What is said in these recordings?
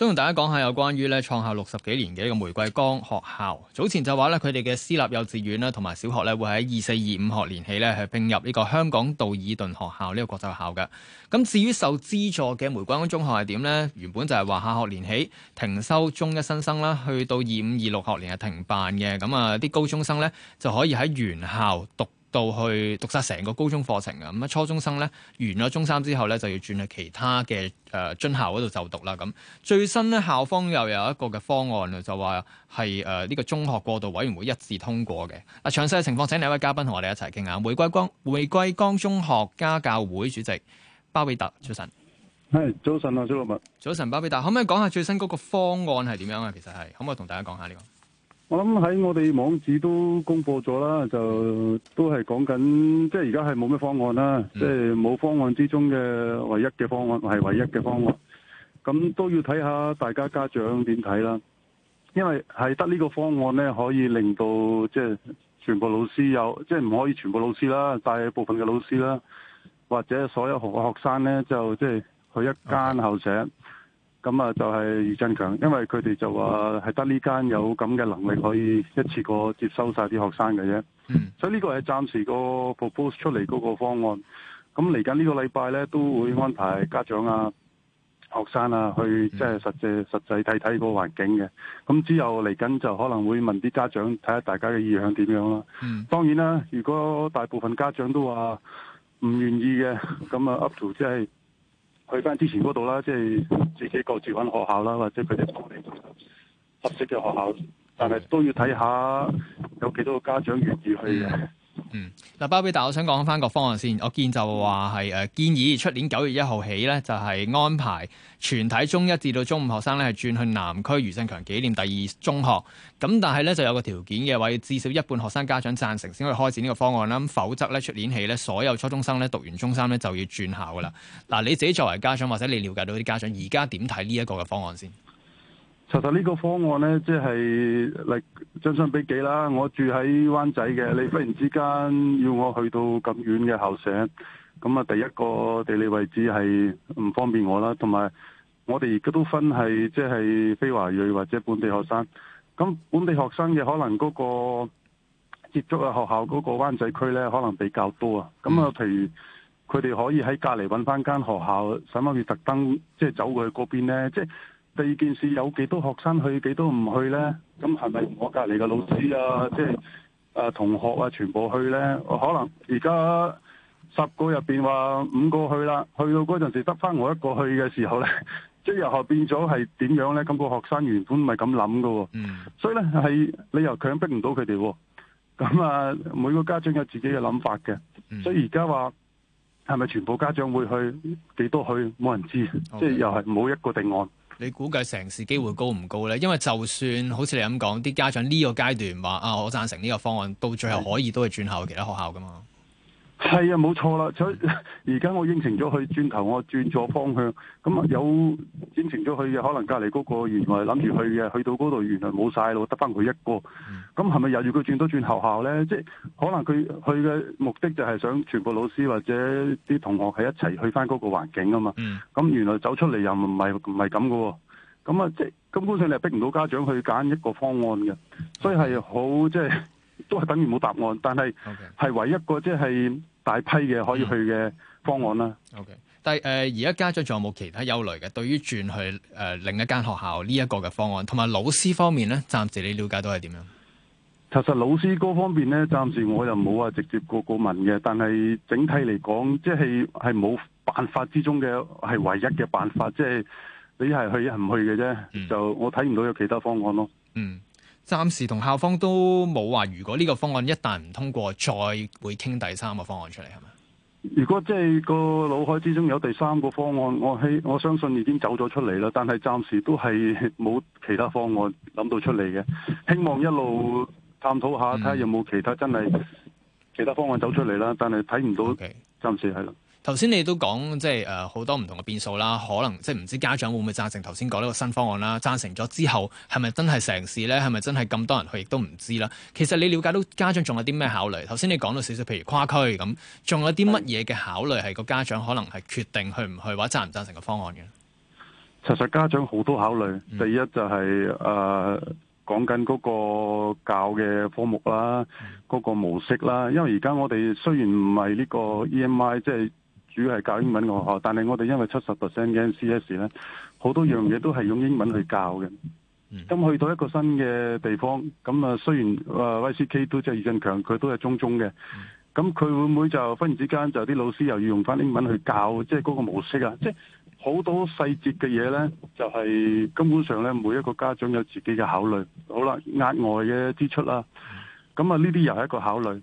想同大家講下有關於咧創校六十幾年嘅一個玫瑰崗學校，早前就話咧佢哋嘅私立幼稚園啦，同埋小學咧會喺二四二五學年起咧係併入呢個香港道爾頓學校呢個國際學校嘅。咁至於受資助嘅玫瑰崗中學係點呢？原本就係話下學年起停收中一新生啦，去到二五二六學年係停辦嘅。咁啊啲高中生咧就可以喺原校讀。到去讀晒成個高中課程啊！咁啊，初中生咧完咗中三之後咧，就要轉去其他嘅誒、呃、津校嗰度就讀啦。咁最新咧，校方又有一個嘅方案就話係誒呢個中學過渡委員會一致通過嘅。啊，詳細嘅情況請兩一位嘉賓同我哋一齊傾下。玫瑰崗玫瑰崗中學家教會主席包比達，早晨。係早晨啊，早晨，包比達，可唔可以講下最新嗰個方案係點樣啊？其實係可唔可以同大家講下呢、這個？我諗喺我哋網址都公布咗啦，就都係講緊，即係而家係冇咩方案啦，mm. 即係冇方案之中嘅唯一嘅方案係唯一嘅方案，咁都要睇下大家家長點睇啦，因為係得呢個方案咧，可以令到即係全部老師有，即係唔可以全部老師啦，大部分嘅老師啦，或者所有學學生咧，就即係去一間校舍。Okay. 咁啊，就係余振強，因為佢哋就話係得呢間有咁嘅能力可以一次過接收晒啲學生嘅啫、嗯。所以呢個係暫時個 propose 出嚟嗰個方案。咁嚟緊呢個禮拜咧，都會安排家長啊、學生啊去即係、就是、實際實際睇睇個環境嘅。咁之後嚟緊就可能會問啲家長睇下大家嘅意向點樣啦、嗯。當然啦，如果大部分家長都話唔願意嘅，咁啊 up to 即係。去翻之前嗰度啦，即係自己各自揾學校啦，或者佢哋同我哋合適嘅學校，但係都要睇下有幾多個家長願意去嘅。嗯，嗱，包比達我想講翻個方案先。我見就話係誒建議出年九月一號起咧，就係安排全體中一至到中五學生咧係轉去南區余振強紀念第二中學。咁但係咧就有個條件嘅話，至少一半學生家長贊成先可以開展呢個方案啦。否則咧，出年起咧所有初中生咧讀完中三咧就要轉校噶啦。嗱，你自己作為家長或者你了解到啲家長而家點睇呢一個嘅方案先？其實呢個方案呢、就是，即係嚟將相比幾啦。我住喺灣仔嘅，你忽然之間要我去到咁遠嘅校舍，咁啊，第一個地理位置係唔方便我啦。同埋我哋而家都分係即係非華裔或者本地學生，咁本地學生嘅可能嗰個接觸嘅學校嗰個灣仔區呢，可能比較多啊。咁啊，譬如佢哋可以喺隔離揾翻間學校，使乜要特登即係走過去嗰邊呢？即係。第二件事，有幾多學生去，幾多唔去呢？咁係咪我隔離嘅老師啊，即係啊，同學啊，全部去呢？可能而家十個入邊話五個去啦，去到嗰陣時得翻我一個去嘅時候呢，即係又後變咗係點樣呢？咁個學生原本唔係咁諗喎。所以呢，係你又強迫唔到佢哋。咁啊，每個家長有自己嘅諗法嘅。嗯，所以而家話係咪全部家長會去？幾多去？冇人知，即係又係冇一個定案。你估計成事機會高唔高咧？因為就算好似你咁講，啲家長呢個階段話啊，我贊成呢個方案，到最後可以都係轉校去其他學校噶嘛係啊，冇錯啦。所以而家我應承咗去，轉頭我轉咗方向。咁啊，有應承咗去嘅，可能隔籬嗰個原來諗住去嘅，去到嗰度原來冇晒咯，得翻佢一個。咁係咪又要佢轉到轉學校咧？即係可能佢去嘅目的就係想全部老師或者啲同學係一齊去翻嗰個環境啊嘛。咁、嗯、原來走出嚟又唔係唔係咁噶？咁啊，即係咁，根本上你係逼唔到家長去揀一個方案嘅，所以係好即係都係等於冇答案。但係係、okay。唯一一個即係。大批嘅可以去嘅方案啦。O K，但係、誒而家家長仲有冇其他憂慮嘅？對於轉去誒、呃、另一間學校呢一個嘅方案，同埋老師方面咧，暫時你了解到係點樣？其實老師嗰方面咧，暫時我又冇話直接過過問嘅，但係整體嚟講，即係係冇辦法之中嘅，係唯一嘅辦法，即係你係去係唔去嘅啫、嗯。就我睇唔到有其他方案咯。嗯。暫時同校方都冇話，如果呢個方案一旦唔通過，再會傾第三個方案出嚟係咪？如果即係個腦海之中有第三個方案，我我相信已經走咗出嚟啦。但係暫時都係冇其他方案諗到出嚟嘅，希望一路探討下，睇下有冇其他、嗯、真係其他方案走出嚟啦。但係睇唔到，okay. 暫時係啦。頭先你都講即係呃，好多唔同嘅變數啦，可能即係唔知家長會唔會贊成頭先講呢個新方案啦？贊成咗之後，係咪真係成事咧？係咪真係咁多人去？亦都唔知啦。其實你了解到家長仲有啲咩考慮？頭先你講到少少，譬如跨區咁，仲有啲乜嘢嘅考慮係個家長可能係決定去唔去或者贊唔贊成個方案嘅？其實家長好多考慮、嗯，第一就係誒講緊嗰個教嘅科目啦，嗰、嗯嗰個模式啦。因為而家我哋雖然唔係呢個 EMI，即係。主要係教英文嘅學校，但係我哋因為七十 percent 嘅 NCS 咧，好多樣嘢都係用英文去教嘅。咁去到一個新嘅地方，咁啊雖然啊 YCK 都即係余振強，佢都係中中嘅。咁佢會唔會就忽然之間就啲老師又要用翻英文去教，即係嗰個模式啊？即係好多細節嘅嘢咧，就係、是、根本上咧，每一個家長有自己嘅考慮。好啦，額外嘅支出啦、啊，咁啊呢啲又係一個考慮。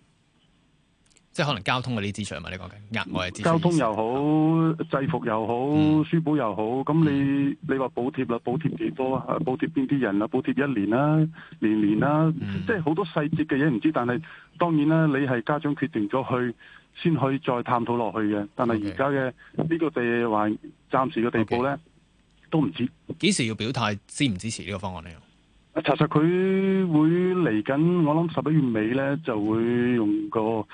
即係可能交通嘅啲支出嘛？你講緊額外嘅支交通又好、嗯，制服又好，嗯、書簿又好。咁你、嗯、你話補貼啦，補貼幾多啊？補貼邊啲人啊？補貼一年啦、啊，年年啦、啊嗯。即係好多細節嘅嘢唔知。但係當然啦，你係家長決定咗去，先去再探討落去嘅。但係而家嘅呢個地環暫時嘅地步咧，嗯、okay, 都唔知幾時要表態支唔支持呢個方案咧。查實佢會嚟緊，我諗十一月尾咧就會用個。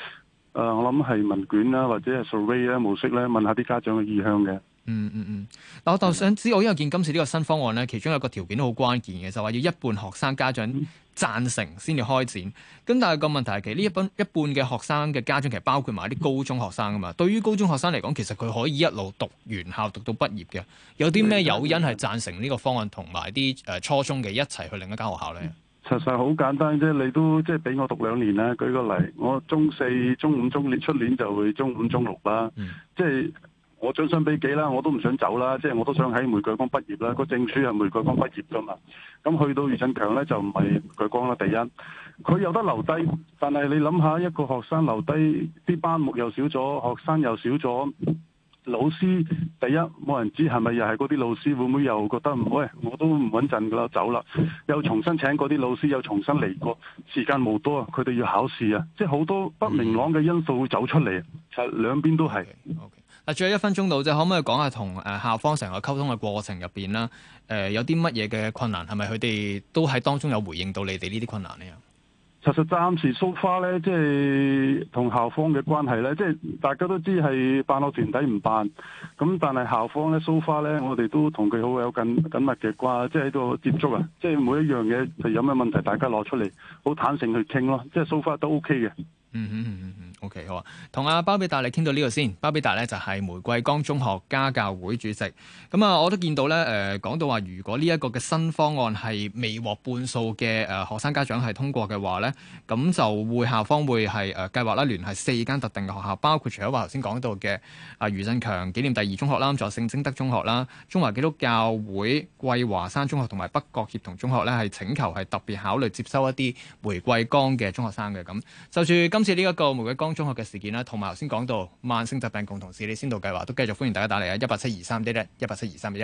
誒、呃，我諗係問卷啦，或者係 survey 啦模式咧，問下啲家長嘅意向嘅。嗯嗯嗯，嗱、嗯，我就想知，我因為見今次呢個新方案咧，其中有個條件都好關鍵嘅，就話、是、要一半學生家長贊成先至開展。咁、嗯、但係個問題係，其實呢一半一半嘅學生嘅家長，其實包括埋啲高中學生啊嘛、嗯。對於高中學生嚟講，其實佢可以一路讀完校，讀到畢業嘅。有啲咩誘因係贊成呢個方案，同埋啲誒初中嘅一齊去另一間學校咧？嗯實實好簡單啫，你都即係俾我讀兩年啦。舉個例，我中四、中五中、中年出年就會中五、中六啦。即係我將心比己啦，我都唔想走啦。即係我都想喺玫瑰崗畢業啦。個證書係玫瑰崗畢業㗎嘛。咁去到余振強呢，就唔係玫瑰崗啦。第一，佢有得留低，但係你諗下，一個學生留低啲班目又少咗，學生又少咗。老師。第一，冇人知係咪又係嗰啲老師，會唔會又覺得唔好，我都唔穩陣噶啦，走啦。又重新請嗰啲老師，又重新嚟過。時間冇多啊，佢哋要考試啊，即係好多不明朗嘅因素會走出嚟啊。係兩邊都係。嗱，仲有一分鐘到啫，可唔可以講下同誒校方成個溝通嘅過程入邊啦？誒，有啲乜嘢嘅困難，係咪佢哋都喺當中有回應到你哋呢啲困難呢？實實暫時，so far 呢，即係同校方嘅關係呢，即係大家都知係辦學團體唔辦，咁但係校方呢 so far，呢，so far, 我哋都同佢好有緊密嘅關係，即係喺度接觸啊，即係每一樣嘢就有咩問題，大家攞出嚟，好坦誠去傾咯，即係 so far 都 OK 嘅。嗯嗯嗯嗯 o、OK, k 好啊，同阿包比達你傾到呢度先，包比達咧就係玫瑰崗中學家教會主席。咁啊，我都見到咧誒，講、呃、到話如果呢一個嘅新方案係未獲半數嘅誒學生家長係通過嘅話咧，咁就會校方會係誒、呃、計劃啦聯繫四間特定嘅學校，包括除咗話頭先講到嘅啊余振強紀念第二中學啦，咁仲有聖貞德中學啦，中華基督教會桂華山中學同埋北角協同中學咧，係請求係特別考慮接收一啲玫瑰崗嘅中學生嘅咁。就住今。好似呢一個玫瑰崗中學嘅事件啦，同埋頭先講到慢性疾病共同治理先導計劃，都繼續歡迎大家打嚟啊！一八七二三一一，一八七二三一一。